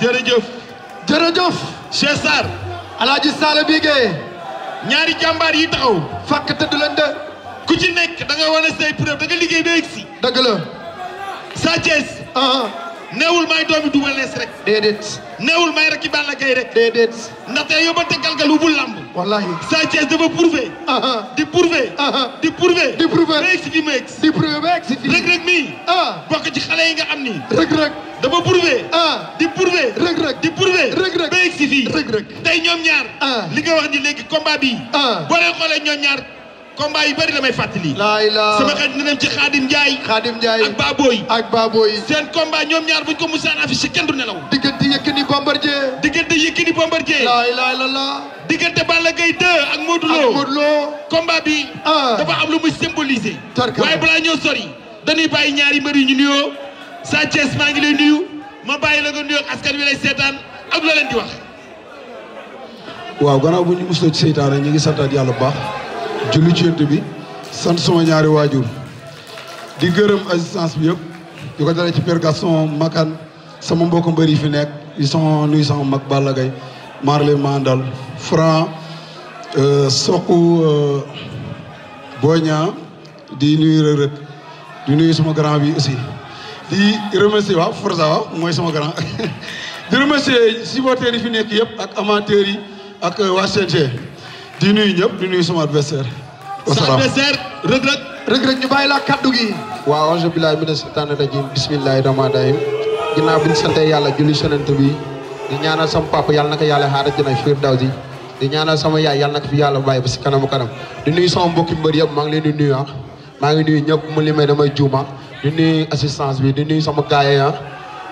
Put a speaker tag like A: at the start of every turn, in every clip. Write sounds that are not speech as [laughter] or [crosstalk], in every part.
A: jërëjëf. jërëjëf. Cheikh Sarr. Alaaji Saala bii Guèye. ñaari jàmbaar yi taxaw. fàkk tëdd leen ku ci nekk da nga wane say preuve da nga liggéey ba egsi. dëgg la. Sa Thiès. Uh-huh. neewul may doomi Double Less rek. déedéet. neewul may rek ki Balla Gaye rek. déedéet. ndaxte yóbbante galgal ubul lamb. wallahi Sa Thiès dafa prouvé. Ah, ah. di prouvé. Ah, di prouvé. di prouvé beeg si fi meeg. di prouvé beeg fi. Reug Reug mii. bokk ci xale yi nga am nii. Reug Reug dafa prouvé. di prouvé. Reug Reug di prouvé. Reug Reug beeg si fii. Reug Reug tey ñoom ñaar. li nga wax ni léegi combat bii. boo leen xoolee ñoom ñaar. combat yu bëri la may fàttali. sama xel dina ci Xaadim Ndiaye. Xaadim Ndiaye ak Baboy. ak seen combat ñoom ñaar buñ ko musaan affiché kenn du nelaw. diggante Yékini Bombardier Mbacké. la ilaha illallah. diggante Balla Gaye 2 ak Modou Lo ak bi. Ah. dafa am lu muy symboliser. waaye balaa ñoo sori. dañuy bàyyi ñaari mbër ñu nuyu. ma seetaan ak loo leen
B: di ñu ngi santaat yàlla bu baax. julli ci yent bi. sant sama ñaari waajur. di gërëm assistance bi yëpp. di ko dalee ci Père Gaston Makan sama mbokk mbër yi fi nekk ils sont nuyu sama mag Balla Gaye marle mandal Franc euh, Sokku euh, Boy di nuy Reug Reug di nuyu sama grand bi aussi di remercier waa Forza waaw mooy suma grand [laughs] di remercier supporters yi fi nekk yëpp ak amateurs yi ak euh, waa CNG
C: di nuyu ñëpp di nuyu sama adversaire sa adversaire Reug Reug Reug Reug ñu bàyyi laa kaddu gi waaw auzu billaahi mina seytaani rajiim bismillaahi rahmaani rahiim ginnaaw bi ñu santee yàlla julli sonent bi di ñaanal sama papa yàlla na ko yàlla xaaral jëna firdawsi di ñaanal sama yaay yàlla na ko fi yàlla bàyyi ba si kanamu kanam di nuyu sama mbokki mbër yëpp maa ngi leen di nuyu ah maa ngi nuyu ñëpp mu limee damay juuma ah. di nuyu sama gaay ah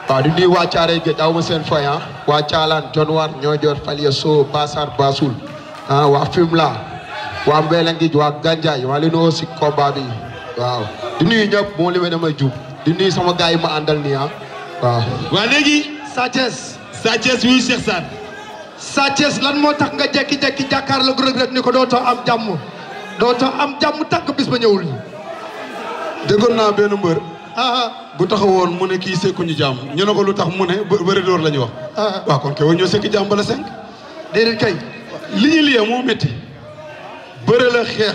C: waaw di nuyu waa Caaray Géej ma seen fay ah waa Caalaan John War ñoo joor Falia Sow Basar Basul ah waa Fimela waa Mbeelangij waa Ganjaay waa leen aussi combat bi waaw di nuyu ñëpp mu limee damay juum di nuyu sama gaay yi ma àndal nii ah waa léegi Sathiès
A: Sa Thiès wuy Cheikh lan moo tax nga jékki-jékki jàkkaarloog Reug Reug
B: ni ko dootoo am jàmm dootoo am jàmm tànk bis ba ñëwul. déggoon naa benn mbër. Ah, ah. bu woon mu ne kii sekkuñu jàmm ñu ko lu tax mu ne bëri door la ñu wax. Ah, waaw kon kay wala ñoo sekki jàmm bala senk déedéet kay li ñu liyee moo métti. bëre la xeex.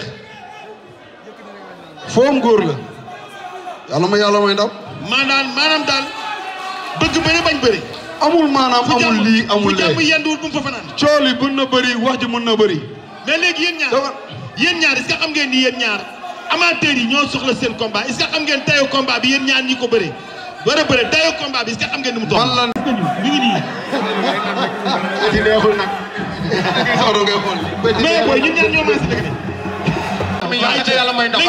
B: foom góor la. yàlla ma yàlla may ndaw.
A: maanaam maanaam daal bëgg bëre bañ bëre. amul maanaam amul lii amul lee bu yenduwul bu mu fa fanaan cool yi mën na bëri wax ji mën na bëri mais léegi yéen ñaar yéen ñaar est-ce que xam ngeen ni yéen ñaar amateurs yi ñoo soxla seen combat est-ce xam ngeen tayo combat bi yéen ko bëree war a bëre tayo combat bi est-ce que xam ngeen ni mu toll man la ñu ngi
C: nii léegi nag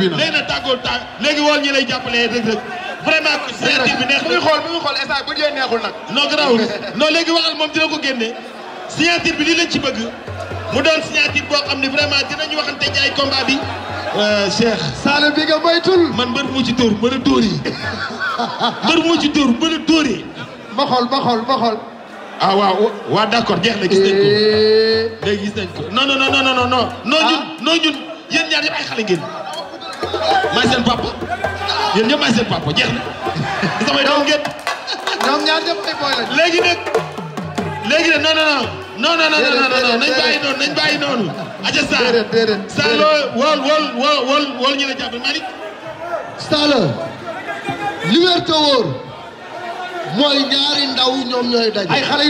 C: léegi
A: tàggoo tàgg léegi wool ñi lay jàppale rek rek vraiment ku si bi neex mu xool mu ngi xool instant bu jee neexul nag. non garaawul non léegi waxal moom dina ko génne signature bi li lañ ci bëgg mu doon signature boo xam ne vraiment dinañu waxante ci ay combat bi. Euh, Cheikh. Saalum bi nga moytul. man mbër mu ci dóor mën a dóor yi mbër mu ci dóor mën a dóor yi. ma xool ma xool ma xool. ah waaw waa d'accord jeex na gis nañ ko. Eh. léegi gis nañ ko non non non non non non. ah ñun non ñaar yëpp xale ngeen. maa seen papa. yéen ñëpp ay seen papa jeex na [laughs] samay doom ngeen. ñoom ñaar ñëpp ay booy lañ. léegi nag léegi nag non non non non non non non noonu noonu. aja Sarr déedéet déedéet Sarr loo wol wol wol wol ñu la jàppale Malick. Sarr liberté wóor mooy ñaari ndaw ñoom ñooy daj ay